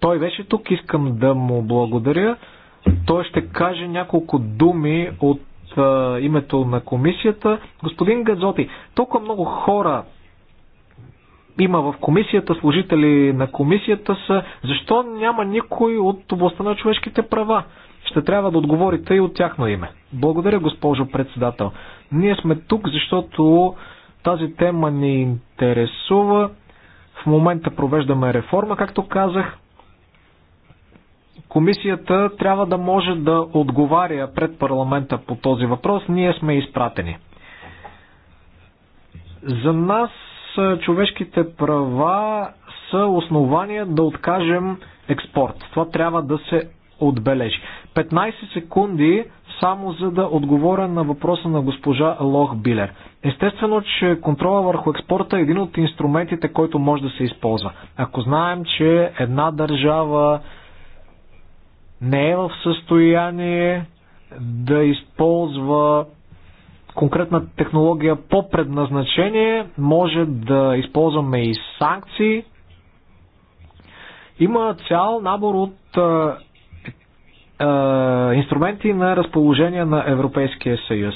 Той беше тук, искам да му благодаря. Той ще каже няколко думи от името на комисията. Господин Гадзоти, толкова много хора има в комисията, служители на комисията са. Защо няма никой от областта на човешките права? Ще трябва да отговорите и от тяхно име. Благодаря, госпожо председател. Ние сме тук, защото тази тема ни интересува. В момента провеждаме реформа, както казах. Комисията трябва да може да отговаря пред парламента по този въпрос. Ние сме изпратени. За нас е, човешките права са основания да откажем експорт. Това трябва да се отбележи. 15 секунди само за да отговоря на въпроса на госпожа Лох Билер. Естествено, че контрола върху експорта е един от инструментите, който може да се използва. Ако знаем, че една държава не е в състояние да използва конкретна технология по предназначение, може да използваме и санкции. Има цял набор от инструменти на разположение на Европейския съюз.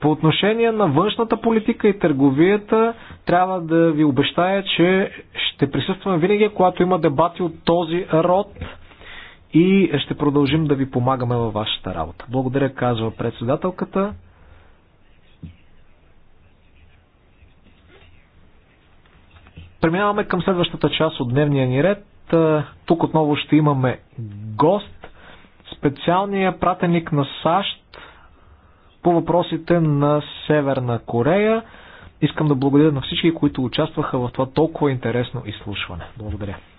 По отношение на външната политика и търговията, трябва да ви обещая, че ще присъстваме винаги, когато има дебати от този род и ще продължим да ви помагаме във вашата работа. Благодаря, казва председателката. Преминаваме към следващата част от дневния ни ред. Тук отново ще имаме гост специалния пратеник на САЩ по въпросите на Северна Корея. Искам да благодаря на всички, които участваха в това толкова интересно изслушване. Благодаря.